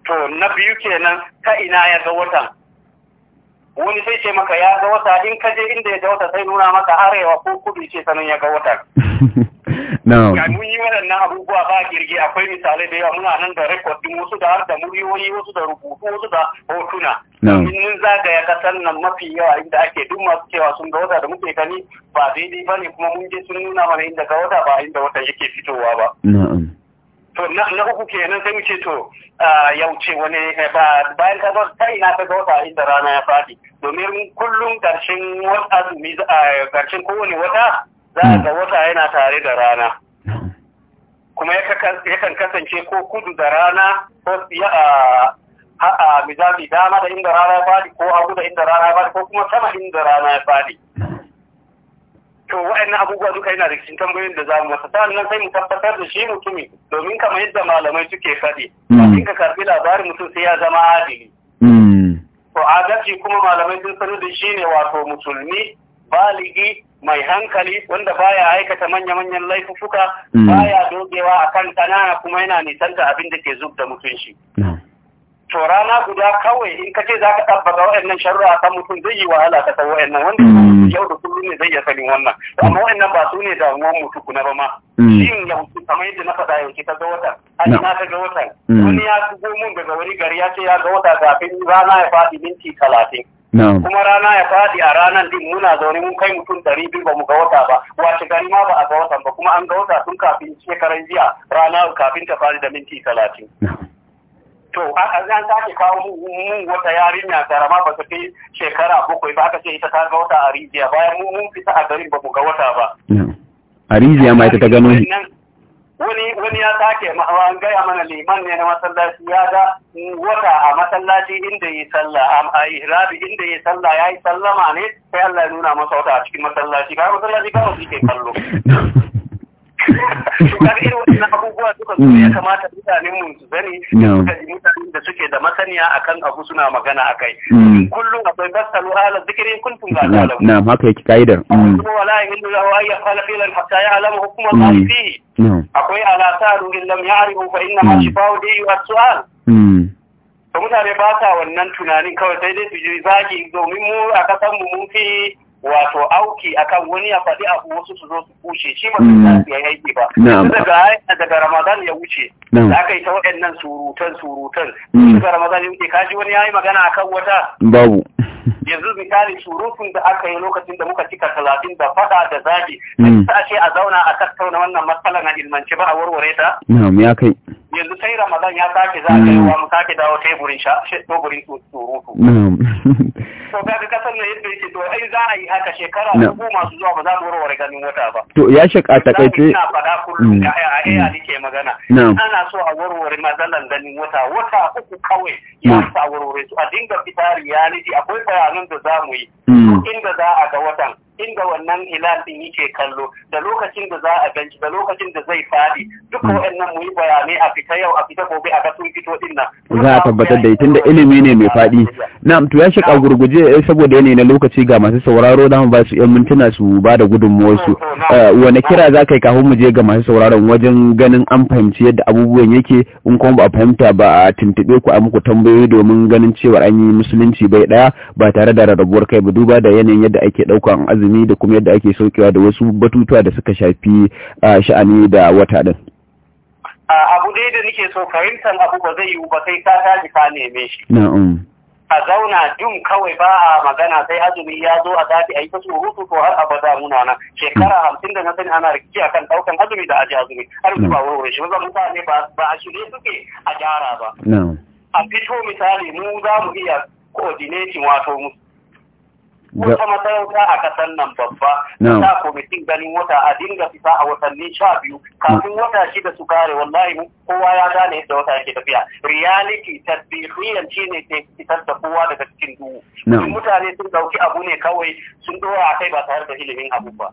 to na biyu kenan ka ina ya ga watan wani sai ce maka ya ga wata in ka je inda ya ga wata sai nuna maka arewa ko kudu ce sanin ya ga watan ga mun yi waɗannan abubuwa ba girgi akwai misalai da yawa muna nan da rekod din wasu da har da muryoyi wasu da rubutu wasu da hotuna mun zagaya kasar nan mafi yawa inda ake duk masu cewa sun ga wata da muke gani ba daidai ba ne kuma mun je sun nuna mana inda ga wata ba inda wata yake fitowa ba to na uku kenan sai mu ce to wuce wani eh, ba bayan ka zo ta na ga wata inda rana ya fadi domin kullum ƙarshen wata azumi ƙarshen kowane wata za hmm. ga wata yana tare da rana hmm. kuma yakan kasance ko kudu da rana ko ya a misali dama da inda rana ya fadi ko hagu da inda rana ya fadi ko kuma sama inda rana ya fadi hmm. to wa'annan abubuwa duka yana da cikin tambayoyin da za mu masa sannan sai mu tabbatar da shi mutumi domin kamar yadda malamai suke faɗi kafin ka karɓi labarin mutum sai ya zama adili to adalci kuma malamai sun sanar da shi ne wato musulmi baligi mai hankali wanda baya aikata manya-manyan laifuka hmm. baya dogewa a kan kanana kuma yana nisanta abin da ke zub da mutunci hmm. to rana guda kawai in ka ce za ka tabbata wa'annan sharra kan mutum zai yi wahala ka san wa'annan wanda hmm. yau da kullum ne zai iya sanin wannan amma wa'annan ba su ne damuwan mutu kuna ba ma shin ya mutu kamar yadda na faɗa yanki ta ga watan hali na ta ga watan wani ya shigo mun daga wani gari ya ce ya ga wata kafin rana ya faɗi minti talatin kuma rana ya faɗi a ranar din muna zaune mun kai mutum ɗari biyu ba mu ga wata ba wace gari ma ba a ga watan ba kuma an ga wata tun kafin shekaran jiya rana kafin ta faɗi da minti talatin. to aka sake kawo mun wata yarinya karama ba ta kai shekara bakwai ba aka ce ita ta ga wata a rijiya bayan mun fita a garin ba mu ga wata ba. a rijiya ma ita ta gano wani ya sake mahawa an gaya mana liman ne na masallaci ya ga wata a masallaci inda yi sallah a ihrabi inda yi sallah ya yi sallama ne sai Allah ya nuna masa wata a cikin masallaci ka masallaci ka wasu ke kallo kaga irin wannan abubuwa suka zo ya kamata mutanen mu su sani suka ji mutanen da suke da masaniya akan abu suna magana akai mm. kullum akwai fasalu ala zikri kuntum la ta'lamun na'am haka yake kaidar Kuma mm. wala yahillu lahu ay yaqala filan hatta ya'lamu hukm Allah mm. fihi akwai ala ta'ru in lam ya'rifu fa inna ma shifa'u dihi as-su'al to mutane ba sa wannan tunanin kawai sai dai su ji zaki domin mu a kasan mu mun fi wato auki akan wani ya faɗi abu wasu su zo su kushe shi ma su hmm. ya yake ba daga daga ramadan ya wuce da aka yi ta waɗannan surutan surutan hmm. daga ramadan ya wuce kaji wani ya yi magana akan wata babu yanzu misali surutun da aka yi lokacin da muka cika talatin da faɗa da zagi ta hmm. ce a zauna a tattauna wannan matsalar a ilmance ba a warware ta na'am ya kai yanzu sai ramadan ya sake wa mu sake dawo teburin surutu to kaga kasar nan yadda yake to ai za a yi haka shekara uku masu zuwa ba za mu warware ganin wata ba to ya shaka takaice faɗa kullum mm. ga aya mm. nake magana ana so a warware matsalan ganin wata wata uku kawai ya sa su a dinga fitar reality akwai bayanan da za mu yi mm. inda za a ga watan inda wannan hilal din yake kallo da lokacin da za a ganci da lokacin da zai fadi duka hmm. waɗannan mu yi bayanai a fita yau a fita gobe a ga sun fito din nan za a tabbatar da tunda ilimi ne mai fadi na'am to ya shiga gurguje eh, saboda yanayi na lokaci ga masu sauraro da mu ba su yan mintuna su ba da gudunmuwar su hmm, hmm, eh, wani kira za ka yi kafin mu je ga masu sauraron wajen ganin an fahimci yadda abubuwan yake in kuma ba a fahimta ba a tuntuɓe ku a muku tambayoyi domin ganin cewa an yi musulunci bai ɗaya ba tare da rarrabuwar kai ba duba da yanayin yadda ake ɗaukan azumi azumi da kuma yadda ake saukewa da wasu batutuwa da suka shafi sha'ani da wata din abu dai da nake so fahimtar abu ba zai yiwu ba sai ta tashi ka neme shi na'am a zauna jin kawai ba a magana sai azumi ya zo a zafi a yi ta surutu ko har abada muna nan shekara hamsin da na sani ana rikici kan ɗaukan azumi da aji azumi har su ba wurin shi ba mutane ba a shirye suke a gyara ba a fito misali mu za mu iya coordinating wato wata makaranta a kasar nan babba sa kwamitin ganin wata a dinga fita a watanni sha biyu mm. kafin wata shida su kare wallahi kowa ya gane yadda wata yake tafiya reality tasbihiyan shi ne ke fitar da kowa daga cikin duhu mutane sun ɗauki abu ne kawai sun ɗora a kai ba tare da ilimin abu ba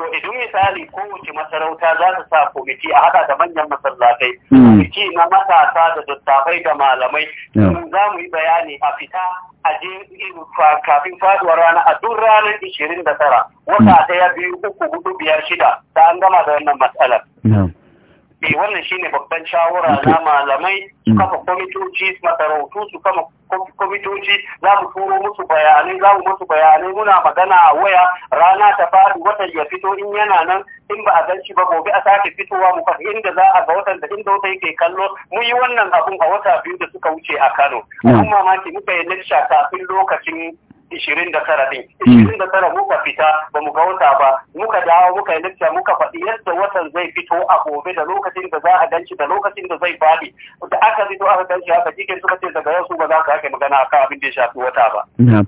to idan misali kowace masarauta za ta sa komiti a haɗa da manyan masallatai hmm. komiti na matasa da dattafai da malamai za mu yi bayani a fita a je kafin faduwar rana a duk ranar ishirin da tara wata hmm. ɗaya biyu uku hudu biyar shida da an gama da wannan matsalar eh wannan ne babban shawara na malamai su kafa mm. kwamitoci masarautu su kama kwamitoci za mu turo musu bayanai za mu musu bayanai muna magana a waya rana ta faru watan ya fito in yana nan in ba a gan shi ba gobe a sake fitowa mu faɗi inda za a ga watan da inda wata yake kallo mun yi wannan abun a wata biyu da suka wuce a Kano. Kuma mm. mamaki muka yi lecture kafin lokacin ishirin da tara ɗin hmm. ishirin da tara muka fita ba mu ga wata ba muka dawo muka yi lakta muka faɗi yadda watan zai fito a gobe da lokacin da za a ganci da lokacin da zai faɗi da aka fito aka ganci haka jikin suka ce daga yau su ba za ka ake magana akan abin da ya shafi wata ba.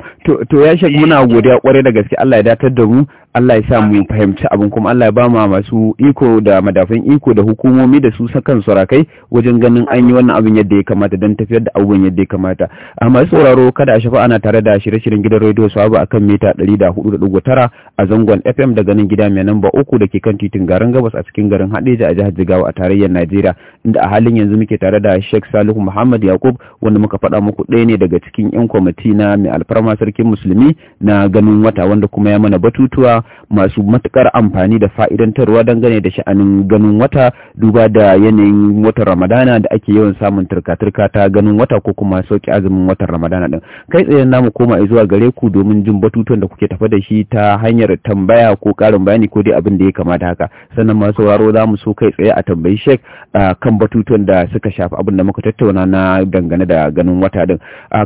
to ya shek muna eh. godiya kwarai da gaske Allah ya datar da mu Allah ya sa mu fahimci abin kuma Allah ya ba mu masu iko da madafin iko da hukumomi da su sakan surakai wajen ganin an yi wannan abin yadda ya kamata don tafiyar da abubuwan yadda ya kamata a masu sauraro kada a shafa ana tare da shirye-shiryen gidan rediyo sabu a kan mita 104.9 a zangon FM daga nan gida mai namba uku da ke kan titin garin gabas a cikin garin Hadeja a jihar Jigawa a tarayyar Najeriya inda a halin yanzu muke tare da Sheikh Salihu Muhammad Yakub wanda muka faɗa muku ɗaya ne daga cikin 'yan kwamiti na mai alfarma sarkin musulmi na ganin wata wanda kuma ya mana batutuwa masu matukar amfani da fa'idantarwa dangane da sha'anin ganin wata duba da yanayin watan ramadana da ake yawan samun turka-turka ta ganin wata ko kuma sauki azumin watan ramadana din kai tsaye namu koma zuwa gare ku domin jin batutuwan da kuke tafa da shi ta hanyar tambaya ko karin bayani ko dai abin da ya kamata haka sannan masu sauraro za mu so kai tsaye a tambayi shek kan batutuwan da suka shafi abin da muka tattauna na dangane da ganin wata din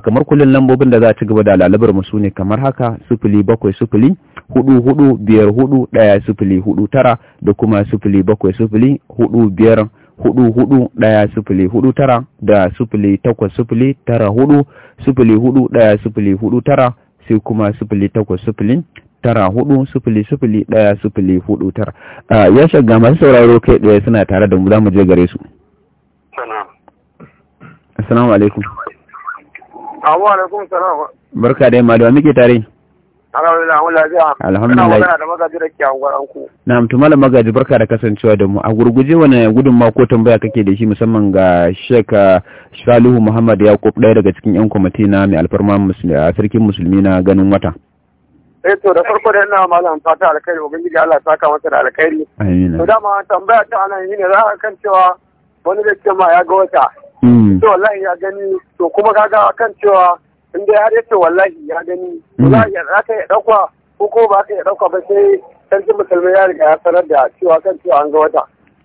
kamar kullum lambobin da za a ci gaba da lalabar mu su ne kamar haka sufuli bakwai sufuli hudu hudu hudu biyar hudu daya sifili hudu tara da kuma sifili bakwai sifili hudu biyar hudu hudu daya sifili hudu tara da sifili takwas sifili tara hudu sifili hudu daya sifili hudu tara sai kuma sifili takwas sifili tara hudu sifili sifili daya sifili hudu tara ya shiga masu sauraro kai ɗaya suna tare da mu za mu je gare su assalamu alaikum Abu alaikum salam. Barka dai malama muke tare. Alhamdulillah. Na'am to malam magaji barka da kasancewa da mu. A gurguje wani gudunmawa ko tambaya kake da shi musamman ga Sheikh uh, Salihu Muhammad Yakub ɗaya daga cikin yan kwamiti na mai alfarma uh, sarkin musulmi na ganin wata. Eh to da farko da ina malam fata alkhairi ubangiji Allah saka masa da alkhairi. Amin. To dama tambaya ta anan shine za a kan cewa wani da ce ma ya ga wata. Mm. To wallahi ya gani to kuma kaga kan cewa in dai har yace wallahi ya gani hmm. wallahi za ka iya ɗauka ko ko ba ka iya ɗauka ba sai sarkin musulmi ya riga ya sanar da cewa kan cewa an ga wata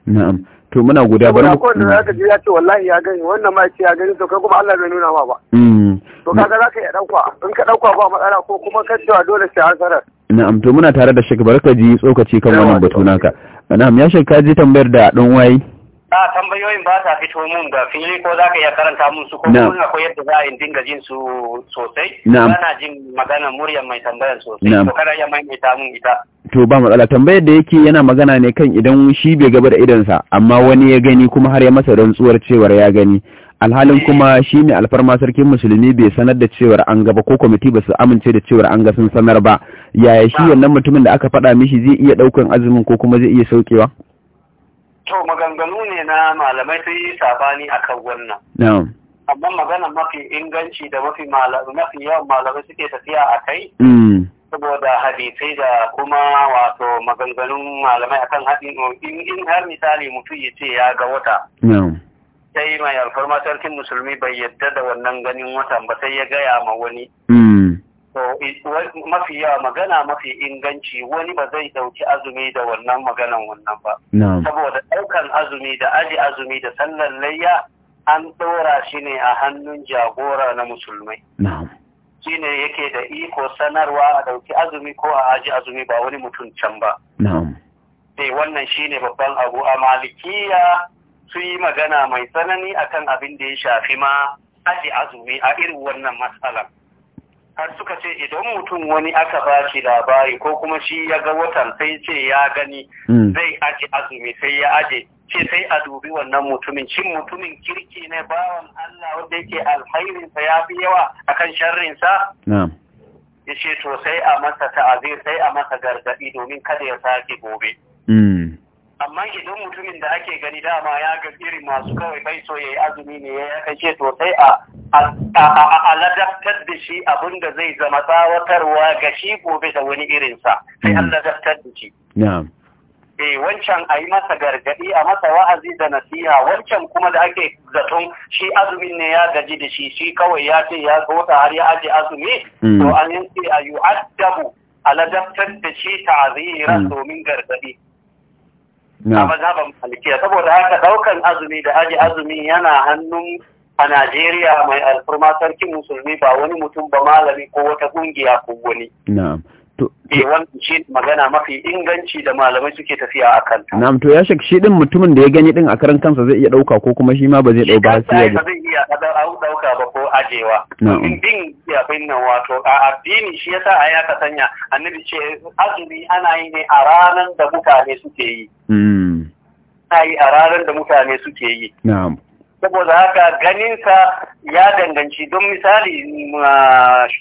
na'am to muna guda bari mu kowanne za ka hmm. ji ya ce wallahi ya gani wannan ma ce ya gani to kai kuma Allah bai nuna ma ba hmm. to kaga za ka iya ɗauka in ka dauka ba matsala ko kuma kan cewa dole sai an sanar na'am to muna tare da shek barka ji tsokaci kan wannan batu naka na'am ya shek ka ji tambayar da dan waye a tambayoyin ba sa fito mun ga fili ko za ka iya karanta mun su ko kuma akwai yadda za a yi dinga jin su sosai ana jin magana muryar mai tambayar sosai to kada ya maimaita mun ita to ba matsala tambayar da yake yana magana ne kan idan shi bai gaba da sa, amma wani ya gani kuma har ya masa rantsuwar cewar ya gani alhalin eh. kuma shi ne alfarma sarkin musulmi bai sanar da cewar an gaba ko kwamiti ba su amince da cewar an ga sun sanar ba yaya shi wannan mutumin da aka faɗa mishi zai iya ɗaukan azumin ko kuma zai iya saukewa to maganganu ne na malamai sun yi sabani a kan wannan amma magana mafi inganci da mafi yawan malamai suke tafiya a kai mm. saboda hadisai da kuma wato maganganun malamai akan hadin in har misali mutum ya ce ya ga wata sai mai alfarma sarkin musulmi bai yadda da wannan ganin watan ba sai ya gaya ma wani mm. mafi yawa magana mafi inganci wani ba zai dauki azumi da wannan maganan wannan ba saboda daukan azumi da aji azumi da sallar layya an ɗora shi ne a hannun jagora na musulmai shi ne yake da iko sanarwa a dauki azumi ko a aji azumi ba wani mutum can ba sai eh, wannan shi ne babban abu a malikiya su yi magana mai tsanani akan abin da ya shafi ma aji azumi a irin wannan matsalar har suka ce idan mutum wani aka ba shi labari ko kuma shi ya ga watan sai ce ya gani hmm. zai aje azumi sai ya aje ce sai a dubi wannan mutumin cin mutumin kirki ne bawan Allah wanda yake alhairinsa ya fi yawa akan sharrinsa ya ce to sai a masa ta'azir sai a masa gargaɗi domin kada ya sake gobe hmm. amma idan mutumin da ake gani dama ya ga irin masu kawai bai so ya yi azumi ne ya kashe to sai a aladaftar da shi abin da zai zama tsawatarwa ga shi gobe da wani irinsa sai an hmm. ladabtar da shi eh wancan a yi masa gargaɗi a masa wa'azi da nasiha wancan kuma da ake zaton shi azumin ne ya gaji da shi shi kawai ya ce ya ta har ya aje azumi hmm. to an yi a yi addabu ladabtar da shi ta'aziran hmm. domin gargaɗi a mazhaban malikiya saboda haka daukan azumi da aji azumi yana hannun a Najeriya mai alfurma sarkin musulmi ba wani mutum ba malami ko wata kungiya ko wani. Eh, shi magana mafi inganci da malamai suke tafiya a kan. Na'am to ya shak shi din mutumin da ya gani din a karan kansa zai iya dauka ko kuma shi ma ba zai dauka sai ya. Ba zai iya dauka ba ko ajewa. Na'am. Din ya binna wato a addini shi yasa ai aka sanya annabi ce azumi ana yi ne a ranar da mutane suke yi. Mm. Ai a ranar da mutane suke yi. Na'am. saboda haka ganinsa ya danganci don misali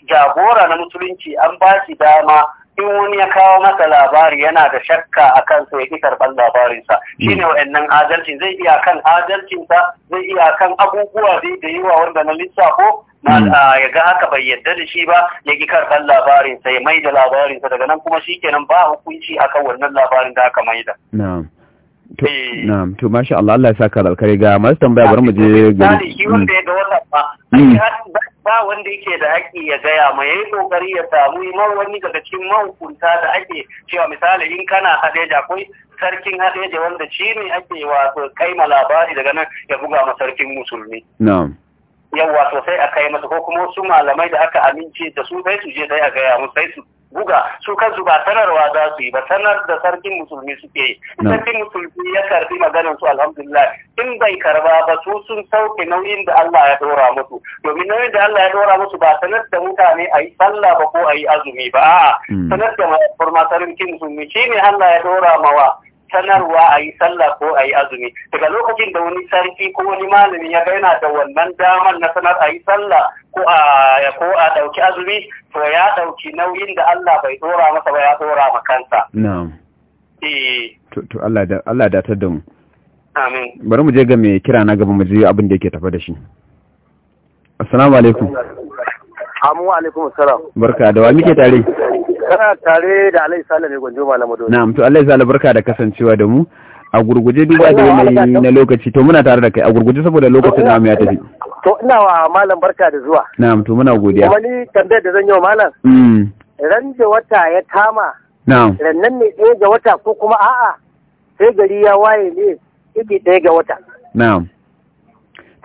jagora na musulunci an ba shi dama in wani ya kawo masa labari yana da shakka a kansa ya ƙi karɓar labarinsa hmm. shi ne wa'annan adalcin zai iya kan adalcinsa zai iya kan abubuwa zai da yawa wanda na lissafo hmm. ya ga haka bai yadda da shi ba ya ƙi karɓar labarinsa ya maida labarinsa daga nan kuma shi kenan ba hukunci akan wannan labarin da aka maida. to eh. na'am to masha Allah Allah ya saka ka alkhairi ga masu tambaya bari mu je gari shi wanda ya ga wannan mm. ba ba wanda yake da haƙƙi ya gaya ma yayi kokari ya samu imam wani daga cikin mahukunta da ake cewa misali in kana hadeja akwai sarkin hadeja wanda shi ne ake wato kai ma labari daga nan ya buga ma sarkin musulmi na'am yawa sosai a kai masa ko kuma wasu malamai da aka amince da su sai su je dai a gaya mu sai su buga su kansu ba sanarwa za su yi ba sanar da sarkin musulmi suke yi sarkin musulmi ya karbi maganin su alhamdulillah in bai karba ba su sun sauke nauyin da Allah ya dora musu domin nauyin da Allah ya dora musu ba sanar da mutane a yi sallah ba ko a yi azumi ba a'a hmm. sanar da ma sarkin musulmi shine Allah ya dora mawa sanarwa a yi sallah ko a yi azumi daga lokacin da wani sarki ko wani malami ya ga yana da wannan damar na sanar a yi sallah ko a ko a ɗauki azumi to ya ɗauki nauyin da Allah bai ɗora masa ba ya ɗora ma kansa na'am eh to Allah da Allah da ta mu amin bari mu je ga mai kira na gaba mu je abin da yake tafa da shi assalamu alaikum Amu alaikum assalam. Barka da wa muke tare? kana tare da Alayhi Sale mai gwanjo Malam Ado. Na'am to Alayhi Sale barka da kasancewa da mu. A gurguje duba da yanayi na lokaci to muna tare da kai a gurguje saboda lokacin namu ya tafi. To ina wa malam barka da zuwa. Na'am to muna godiya. Kuma ni tambayar da zan yi wa malam. Mm. Ran da wata ya kama. Na'am. Rannan ne ɗaya ga wata ko kuma a'a sai gari ya waye ne ɗaya ga wata. Na'am.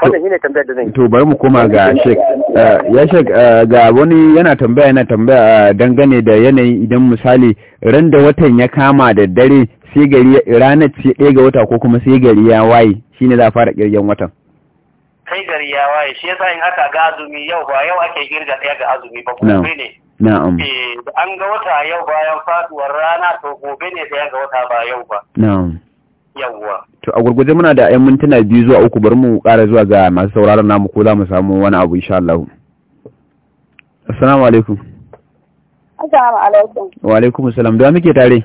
wannan shine tambayar da zan yi to bari mu koma ga shek eh, ya shek eh, ga wani yana tambaya yana tambaya eh, dangane da yanayi idan misali ran da watan ya kama da dare sai gari ranar ce ɗaya ga wata ko kuma sai gari ya waye shine za a fara ƙirgen watan sai gari ya waye shi yasa in haka ga azumi yau ba yau ake girga ɗaya ga azumi ba gobe ne na'am eh an ga wata yau bayan faduwar rana to gobe ne ɗaya ga wata ba yau ba na'am yawwa to a gurguje muna da ayan mintuna biyu zuwa uku bari mu ƙara zuwa ga masu sauraron namu ko za mu samu wani abu insha Allah assalamu alaikum assalamu alaikum wa alaikum assalam da muke tare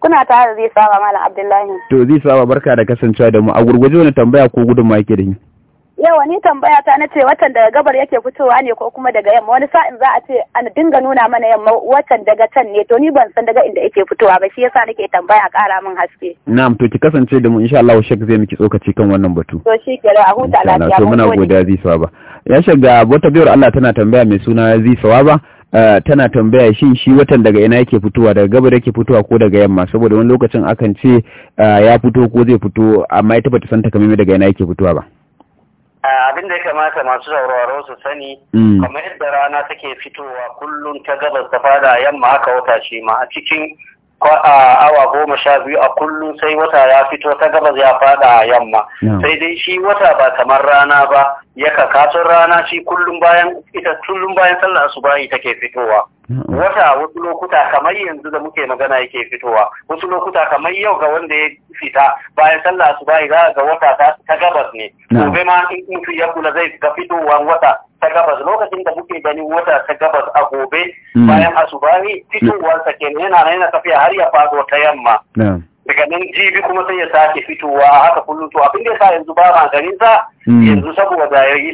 kuna tare zai saba malam abdullahi to zai saba barka da kasancewa da mu a gurguje wani tambaya ko gudunmawa yake da ni yawa ni tambaya ta na ce watan daga gabar yake fitowa ne ko kuma daga yamma wani sa'in za a ce an dinga nuna mana yamma watan daga can ne to ni ban san daga inda yake fitowa ba shi yasa nake tambaya kara min haske na'am to ki kasance da mu insha Allah shek zai miki tsokaci kan wannan batu to shi ke a huta lafiya to muna godiya zai sawaba ya shiga wata biyar Allah tana tambaya mai suna zai sawaba Uh, tana tambaya shin shi watan daga ina yake fitowa daga gabar yake fitowa ko daga yamma saboda wani lokacin akan ce uh, ya fito ko zai fito amma ita bata san takamaimai daga ina yake fitowa ba abin da ya kamata masu sauraro su sani mm. kamar yadda rana take fitowa kullum ta gabas ta fada yamma haka wata shi ma a cikin A awa goma sha biyu a kullum sai wata ya fito ta gabas ya fada a yamma sai dai shi wata ba kamar rana ba ya kakatun rana shi kullum bayan ita kullum bayan sallar take fitowa wata wasu lokuta kamar yanzu da muke magana yake fitowa wasu lokuta kamar yau ga wanda ya fita bayan sallar asubahi za ga wata ta gabas ne gobe ma in ya kula zai ga fitowar wata ta gabas lokacin da muke ganin wata ta gabas a gobe hmm. bayan fitowar fitowarsa kenan yana nan yana tafiya har ya fado ta yamma daga nan jibi kuma sai ya sake fitowa haka kullum to abin da yasa yanzu ba ma ganin sa Hmm. yanzu saboda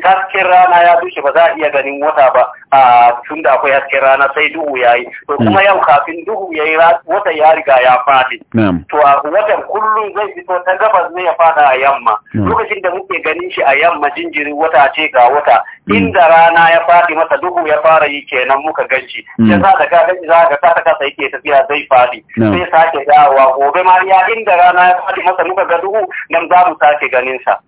hasken rana ya bushe ba za a iya ganin wata ba a tun da akwai hasken rana sai duhu ya yi to kuma hmm. yau kafin duhu ya yi wata ya riga ya fadi to a watan kullum zai fito ta gabas ne ya fada a yamma hmm. lokacin da muke ganin shi a yamma jinjirin wata ce ga wata inda rana ya fadi masa duhu ya fara yi kenan muka ganci da za ka ga za ka kasa kasa tafiya zai fadi sai sake dawowa gobe ma ya inda rana ya fadi masa muka ga duhu nan za mu sake ganin sa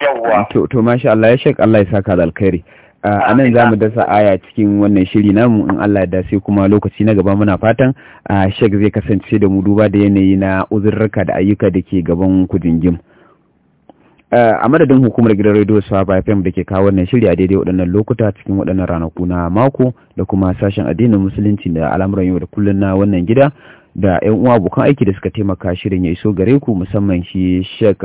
yawwa eh, to to masha Allah ya shek Allah ya saka da alkhairi a nan za mu dasa aya cikin wannan shiri namu in Allah ya dace kuma lokaci na gaba muna fatan a shek zai kasance da mu duba da yanayi na uzurraka da ayyuka da ke gaban kujingim a madadin hukumar gidan rediyo swaba fm da ke kawo wannan shiri a daidai waɗannan lokuta cikin waɗannan ranaku na mako da kuma sashen addinin musulunci da al'amuran yau da kullum na wannan gida da yan uwa abokan aiki da suka taimaka shirin ya iso gare ku musamman shi shek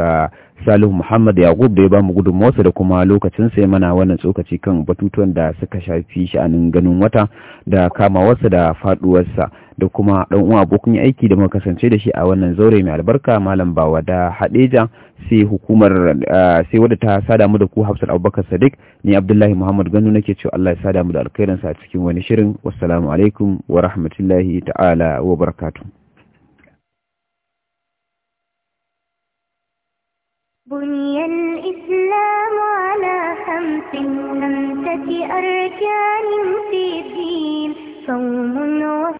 Salihu Muhammad Yaqub da ya bamu gudunmawarsa da kuma lokacin sai mana wannan tsokaci kan batutuwan da suka shafi sha'anin ganin wata da kamawarsa da faduwarsa da kuma dan uwa abokin aiki da muka kasance da shi a wannan zaure mai albarka malam Bawa da Hadeja sai hukumar sai wadda ta sada mu da ku Hafsat Abubakar Sadiq ni Abdullahi Muhammad Gano nake cewa Allah ya sada mu da alkhairin a cikin wani shirin wassalamu alaikum wa rahmatullahi ta'ala wa barakatuh بأركان في الدين صوم